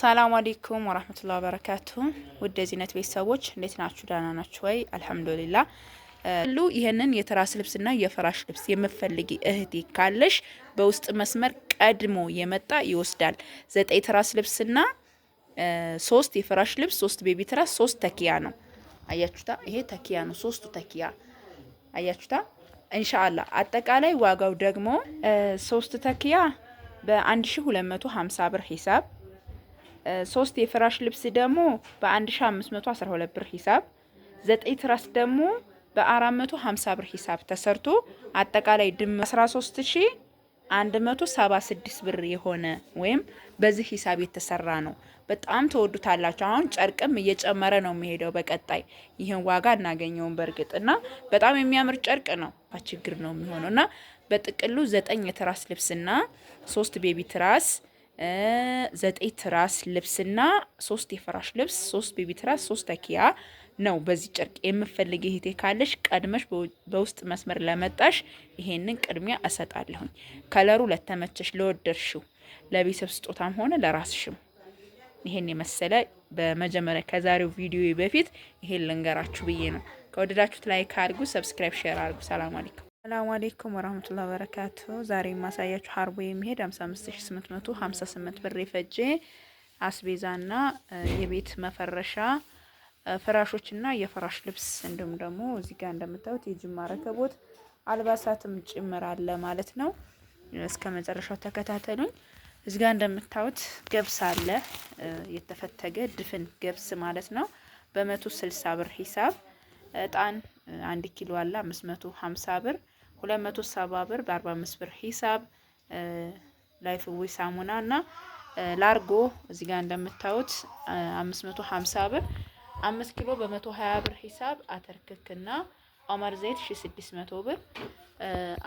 ሰላም አሌይኩም ወራህመቱላ በረካቱ። ውድ የዚህነት ቤተሰቦች እንዴት ናችሁ? ደህና ናችሁ ወይ? አልሐምዱሊላ ሁሉ ይህንን የትራስ ልብስና የፍራሽ ልብስ የምፈልጊ እህቴ ካለሽ በውስጥ መስመር ቀድሞ የመጣ ይወስዳል። ዘጠኝ ትራስ ልብስና ሶስት የፍራሽ ልብስ፣ ሶስት ቤቢ ትራስ፣ ሶስት ተኪያ ነው። አያችሁታ? ይሄ ተኪያ ነው። ሶስቱ ተኪያ አያችሁታ? እንሻአላ አጠቃላይ ዋጋው ደግሞ ሶስት ተኪያ በ1250 ብር ሂሳብ ሶስት የፍራሽ ልብስ ደግሞ በ1512 ብር ሂሳብ ዘጠኝ ትራስ ደግሞ በ450 ብር ሂሳብ ተሰርቶ አጠቃላይ ድም 13176 ብር የሆነ ወይም በዚህ ሂሳብ የተሰራ ነው። በጣም ተወዱታላችሁ። አሁን ጨርቅም እየጨመረ ነው የሚሄደው። በቀጣይ ይህን ዋጋ እናገኘውን በእርግጥ እና በጣም የሚያምር ጨርቅ ነው። ችግር ነው የሚሆነው እና በጥቅሉ ዘጠኝ የትራስ ልብስና ሶስት ቤቢ ትራስ ዘጠኝ ትራስ ልብስና ሶስት የፍራሽ ልብስ፣ ሶስት ቤቢ ትራስ፣ ሶስት ተኪያ ነው። በዚህ ጨርቅ የምፈልግ እህቴ ካለሽ ቀድመሽ በውስጥ መስመር ለመጣሽ ይሄንን ቅድሚያ እሰጣለሁኝ። ከለሩ ለተመቸሽ ለወደድሽው፣ ለቤተሰብ ስጦታም ሆነ ለራስሽም ይሄን የመሰለ በመጀመሪያ ከዛሬው ቪዲዮ በፊት ይሄን ልንገራችሁ ብዬ ነው። ከወደዳችሁት ላይክ አድርጉ፣ ሰብስክራይብ፣ ሼር አድርጉ። ሰላም አለይኩም። ሰላሙ አለይኩም ወራህመቱላሂ በረካቱ ዛሬ የማሳያችሁ ሀርቦ የሚሄድ 55858 ብር የፈጀ አስቤዛና የቤት መፈረሻ ፍራሾችና የፍራሽ ልብስ እንዲሁም ደግሞ እዚህ ጋር እንደምታዩት የጅማ ረከቦት አልባሳትም ጭምር አለ ማለት ነው። እስከ መጨረሻው ተከታተሉኝ። እዚህ ጋር እንደምታዩት ገብስ አለ፣ የተፈተገ ድፍን ገብስ ማለት ነው በመቶ ስልሳ ብር ሂሳብ። እጣን አንድ ኪሎ አለ 550 ብር 270 ብር በ45 ብር ሂሳብ ላይፍ ዊዝ ሳሙና እና ላርጎ እዚህ ጋር እንደምታዩት 550 ብር 5 ኪሎ በ120 ብር ሂሳብ አተር እና ኦማር ዘይት 1600 ብር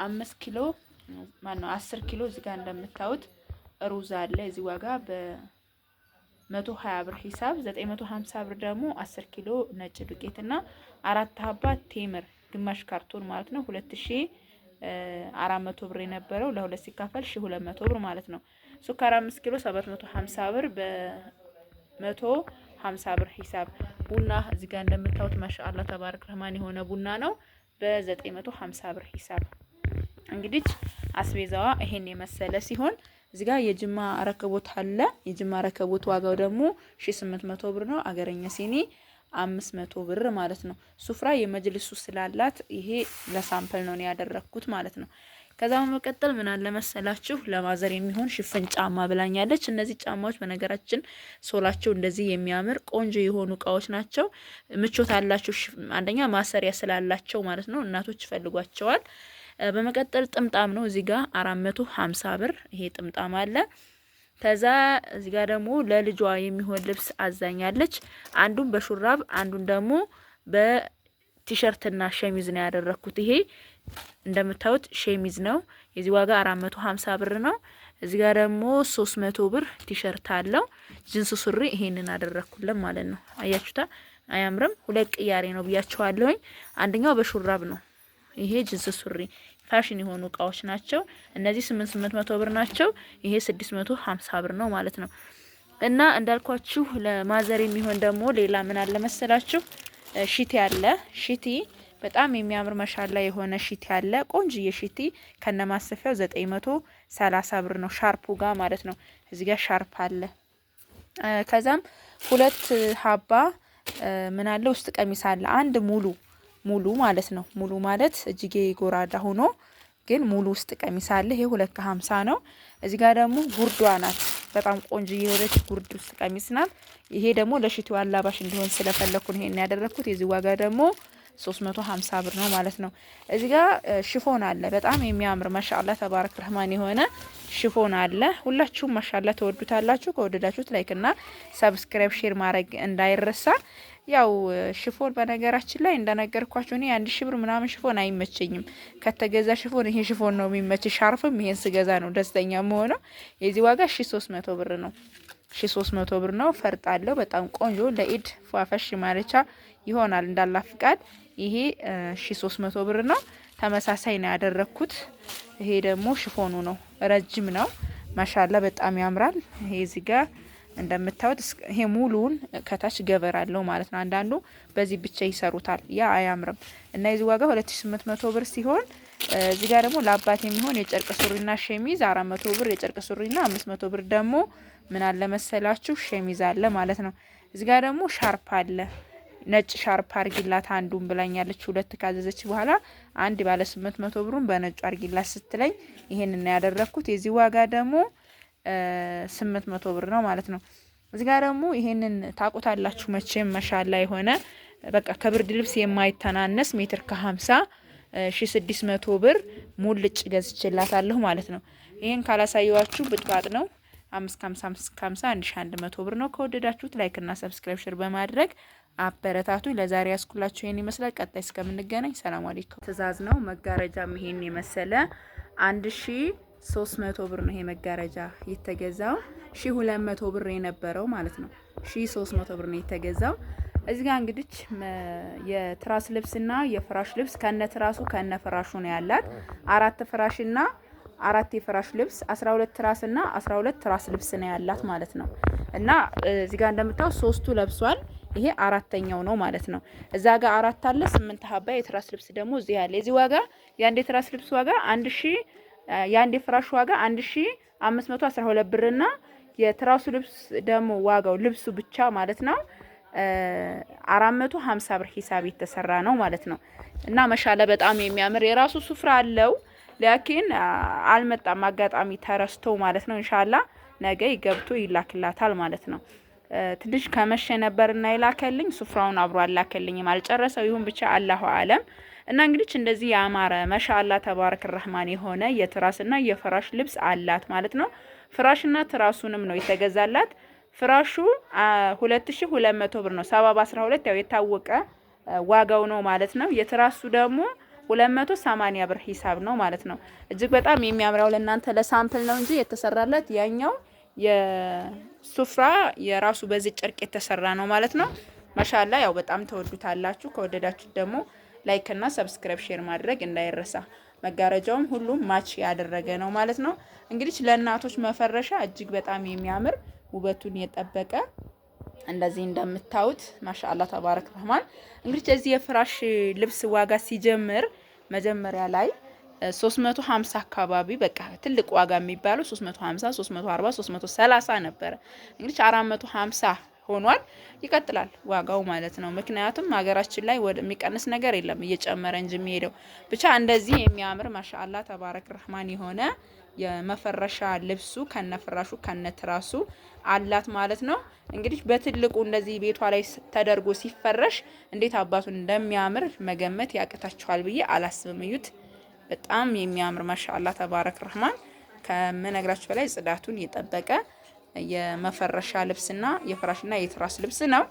5 ኪሎ ማነው 10 ኪሎ እዚህ ጋር እንደምታዩት ሩዝ አለ እዚህ ዋጋ በ120 ብር ሂሳብ 950 ብር ደግሞ 10 ኪሎ ነጭ ዱቄት እና አራት ሀባ ቴምር ግማሽ ካርቶን ማለት ነው 2000 አራት መቶ ብር የነበረው ለሁለት ሲካፈል ሺ ሁለት መቶ ብር ማለት ነው። ሱካር አምስት ኪሎ ሰባት መቶ ሀምሳ ብር በመቶ ሀምሳ ብር ሂሳብ። ቡና እዚህ ጋር እንደምታዩት ማሻአላ ተባረክ ረህማን የሆነ ቡና ነው በዘጠኝ መቶ ሀምሳ ብር ሂሳብ። እንግዲህ አስቤዛዋ ይሄን የመሰለ ሲሆን እዚህ ጋር የጅማ ረከቦት አለ። የጅማ ረከቦት ዋጋው ደግሞ ሺ ስምንት መቶ ብር ነው አገረኛ ሲኒ አምስት መቶ ብር ማለት ነው። ሱፍራ የመጅልሱ ስላላት ይሄ ለሳምፕል ነው ያደረግኩት ማለት ነው። ከዛ በመቀጠል ምን አለ መሰላችሁ ለማዘር የሚሆን ሽፍን ጫማ ብላኛለች። እነዚህ ጫማዎች በነገራችን ሶላቸው እንደዚህ የሚያምር ቆንጆ የሆኑ እቃዎች ናቸው። ምቾት አላቸው። አንደኛ ማሰሪያ ስላላቸው ማለት ነው። እናቶች ይፈልጓቸዋል። በመቀጠል ጥምጣም ነው እዚህ ጋር አራት መቶ ሀምሳ ብር ይሄ ጥምጣም አለ። ከዛ እዚህ ጋር ደግሞ ለልጇ የሚሆን ልብስ አዛኛለች። አንዱን በሹራብ አንዱን ደግሞ በቲሸርትና ሸሚዝ ነው ያደረኩት። ይሄ እንደምታዩት ሸሚዝ ነው። የዚህ ዋጋ ሀምሳ ብር ነው። እዚህ ጋር ደግሞ መቶ ብር ቲሸርት አለው። ጅንስ ሱሪ ይሄንን አደረኩልን ማለት ነው። አያችሁታ አያምርም? ሁለት ቅያሬ ነው ብያችኋለሁኝ። አንደኛው በሹራብ ነው። ይሄ ጅንስ ሱሪ ፋሽን የሆኑ እቃዎች ናቸው። እነዚህ ስምንት ስምንት መቶ ብር ናቸው። ይሄ ስድስት መቶ ሀምሳ ብር ነው ማለት ነው። እና እንዳልኳችሁ ለማዘር የሚሆን ደግሞ ሌላ ምን አለ መሰላችሁ? ሽቲ አለ። ሺቲ በጣም የሚያምር መሻላ የሆነ ሺቲ አለ። ቆንጅዬ ሽቲ ከነ ማሰፊያው ዘጠኝ መቶ ሰላሳ ብር ነው ሻርፑ ጋር ማለት ነው። እዚህ ጋር ሻርፕ አለ። ከዛም ሁለት ሀባ ምን አለ ውስጥ ቀሚስ አለ። አንድ ሙሉ ሙሉ ማለት ነው። ሙሉ ማለት እጅጌ ጎራዳ ሆኖ ግን ሙሉ ውስጥ ቀሚስ አለ። ይሄ ሁለት ከሀምሳ ነው። እዚህ ጋር ደግሞ ጉርዷ ናት። በጣም ቆንጆ የሆነች ጉርድ ውስጥ ቀሚስ ናት። ይሄ ደግሞ ለሽቱ አላባሽ እንዲሆን ስለፈለኩ ነው ይሄን ያደረኩት። የዚህ ዋጋ ደግሞ 350 ብር ነው ማለት ነው። እዚህ ጋር ሽፎን አለ። በጣም የሚያምር ማሻአላ ተባረክ ረህማን የሆነ ሽፎን አለ። ሁላችሁም ማሻአላ ተወዱታላችሁ። ከወደዳችሁት ላይክ እና ሰብስክራይብ ሼር ማድረግ እንዳይረሳ። ያው ሽፎን በነገራችን ላይ እንደነገርኳችሁ እኔ አንድ ሺ ብር ምናምን ሽፎን አይመቸኝም። ከተገዛ ሽፎን ይሄ ሽፎን ነው የሚመች። ሻርፍም ይሄን ስገዛ ነው ደስተኛ መሆነው። የዚህ ዋጋ ሺ ሶስት መቶ ብር ነው። ሺ ሶስት መቶ ብር ነው። ፈርጥ አለው። በጣም ቆንጆ ለኢድ ፏፈሽ ማለቻ ይሆናል። እንዳላ ፍቃድ ይሄ ሺ ሶስት መቶ ብር ነው። ተመሳሳይ ነው ያደረግኩት። ይሄ ደግሞ ሽፎኑ ነው። ረጅም ነው። ማሻላ በጣም ያምራል። ይሄ እዚህ ጋር እንደምታዩት ይሄ ሙሉውን ከታች ገበር አለው ማለት ነው። አንዳንዱ በዚህ ብቻ ይሰሩታል። ያ አያምርም እና የዚህ ዋጋ 2800 ብር ሲሆን እዚህ ጋር ደግሞ ለአባት የሚሆን የጨርቅ ሱሪና ሸሚዝ 400 ብር፣ የጨርቅ ሱሪና 500 ብር ደግሞ ምን አለ መሰላችሁ ሸሚዝ አለ ማለት ነው። እዚህ ጋር ደግሞ ሻርፕ አለ። ነጭ ሻርፕ አርጊላት አንዱን ብላኛለች። ሁለት ካዘዘች በኋላ አንድ ባለ 800 ብሩን በነጩ አርጊላት ስትለኝ ይሄንን ያደረኩት የዚህ ዋጋ ደግሞ ስምንት መቶ ብር ነው ማለት ነው። እዚህ ጋር ደግሞ ይሄንን ታቁታላችሁ መቼም መሻላ የሆነ በቃ ከብርድ ልብስ የማይተናነስ ሜትር ከ50 ሺ ስድስት መቶ ብር ሙልጭ ገዝችላታለሁ ማለት ነው። ይህን ካላሳየዋችሁ ብጥባጥ ነው። አምስት አምስት አንድ ሺ አንድ መቶ ብር ነው። ከወደዳችሁት ላይክና ሰብስክራይብ ሰብስክሪፕሽን በማድረግ አበረታቱ። ለዛሬ ያስኩላችሁ ይህን ይመስላል። ቀጣይ እስከምንገናኝ ሰላም አለይኩም። ትእዛዝ ነው መጋረጃም ይሄን የመሰለ አንድ ሺ ሶስት መቶ ብር ነው ይሄ መጋረጃ የተገዛው። ሺ ሁለት መቶ ብር የነበረው ማለት ነው። ሺ ሶስት መቶ ብር ነው የተገዛው። እዚህ ጋር እንግዲህ የትራስ ልብስና የፍራሽ ልብስ ከነ ትራሱ ከነ ፍራሹ ነው ያላት። አራት ፍራሽና አራት የፍራሽ ልብስ 12 ትራስና 12 ትራስ ልብስ ነው ያላት ማለት ነው። እና እዚህ ጋር እንደምታው ሶስቱ ለብሷል። ይሄ አራተኛው ነው ማለት ነው። እዛ ጋር አራት አለ ስምንት ሀባ የትራስ ልብስ ደግሞ እዚህ ያለ የዚህ ዋጋ የአንድ የትራስ ልብስ ዋጋ አንድ የአንድ የፍራሽ ዋጋ 1512 ብር እና የትራሱ ልብስ ደግሞ ዋጋው ልብሱ ብቻ ማለት ነው 450 ብር ሂሳብ የተሰራ ነው ማለት ነው። እና መሻለ በጣም የሚያምር የራሱ ሱፍራ አለው። ላኪን አልመጣም አጋጣሚ ተረስቶ ማለት ነው። ኢንሻአላ ነገ ይገብቶ ይላክላታል ማለት ነው። ትንሽ ከመሸ ነበር እና ይላከልኝ ሱፍራውን አብሮ አላከልኝም። አልጨረሰው ይሁን ብቻ አላሁ አለም። እና እንግዲህ እንደዚህ ያማረ መሻላ ተባረክ ረህማን የሆነ የትራስና የፍራሽ ልብስ አላት ማለት ነው። ፍራሽና ትራሱንም ነው የተገዛላት። ፍራሹ 2200 ብር ነው። 70 12 ያው የታወቀ ዋጋው ነው ማለት ነው። የትራሱ ደግሞ 280 ብር ሂሳብ ነው ማለት ነው። እጅግ በጣም የሚያምረው ለእናንተ ለሳምፕል ነው እንጂ የተሰራለት ያኛው የሱፍራ የራሱ በዚህ ጨርቅ የተሰራ ነው ማለት ነው። ማሻላ ያው በጣም ተወዱታላችሁ። ከወደዳችሁት ደግሞ ላይክ እና ሰብስክራይብ ሼር ማድረግ እንዳይረሳ። መጋረጃውም ሁሉም ማች ያደረገ ነው ማለት ነው። እንግዲህ ለእናቶች መፈረሻ እጅግ በጣም የሚያምር ውበቱን የጠበቀ እንደዚህ እንደምታዩት ማሻአላ ተባረክ ረህማን። እንግዲህ እዚህ የፍራሽ ልብስ ዋጋ ሲጀምር መጀመሪያ ላይ 350 አካባቢ በቃ ትልቅ ዋጋ የሚባለው 350፣ 340፣ 330 ነበረ። እንግዲህ 450 ሆኗል። ይቀጥላል ዋጋው ማለት ነው። ምክንያቱም ሀገራችን ላይ የሚቀንስ ነገር የለም እየጨመረ እንጂ የሚሄደው ብቻ እንደዚህ የሚያምር ማሻአላ ተባረክ ረህማን የሆነ የመፈረሻ ልብሱ ከነፍራሹ ከነትራሱ አላት ማለት ነው። እንግዲህ በትልቁ እንደዚህ ቤቷ ላይ ተደርጎ ሲፈረሽ እንዴት አባቱን እንደሚያምር መገመት ያቅታችኋል ብዬ አላስብም። እዩት። በጣም የሚያምር ማሻአላ ተባረክ ረህማን ከምነግራችሁ በላይ ጽዳቱን የጠበቀ የመፈረሻ ልብስና የፍራሽና የትራስ ልብስ ነው።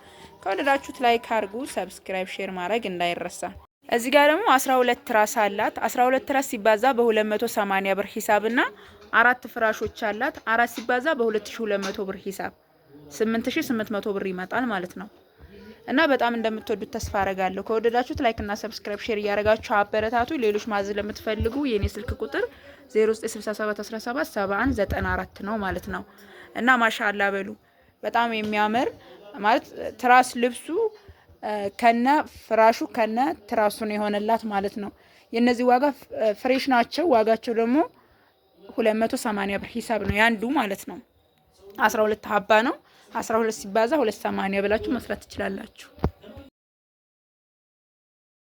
ከወደዳችሁት ላይክ አድርጉ፣ ሰብስክራይብ፣ ሼር ማድረግ እንዳይረሳ። እዚህ ጋር ደግሞ 12 ትራስ አላት። 12 ትራስ ሲባዛ በ280 ብር ሂሳብና አራት ፍራሾች አላት። አራት ሲባዛ በ2200 ብር ሂሳብ 8800 ብር ይመጣል ማለት ነው። እና በጣም እንደምትወዱት ተስፋ አረጋለሁ። ከወደዳችሁት እና ሰብስክራይብ፣ ሼር እያደረጋችሁ አበረታቱ። ሌሎች ማዘዝ ለምትፈልጉ የኔ ስልክ ቁጥር 0967177194 ነው ማለት ነው። እና ማሻላ በሉ በጣም የሚያምር ማለት ትራስ ልብሱ ከነ ፍራሹ ከነ ትራሱ ነው የሆነላት ማለት ነው። የነዚህ ዋጋ ፍሬሽ ናቸው። ዋጋቸው ደግሞ 280 ብር ሂሳብ ነው ያንዱ ማለት ነው። 12 ሀባ ነው። አስራ ሁለት ሲባዛ ሁለት ሰማንያ ብላችሁ መስራት ትችላላችሁ።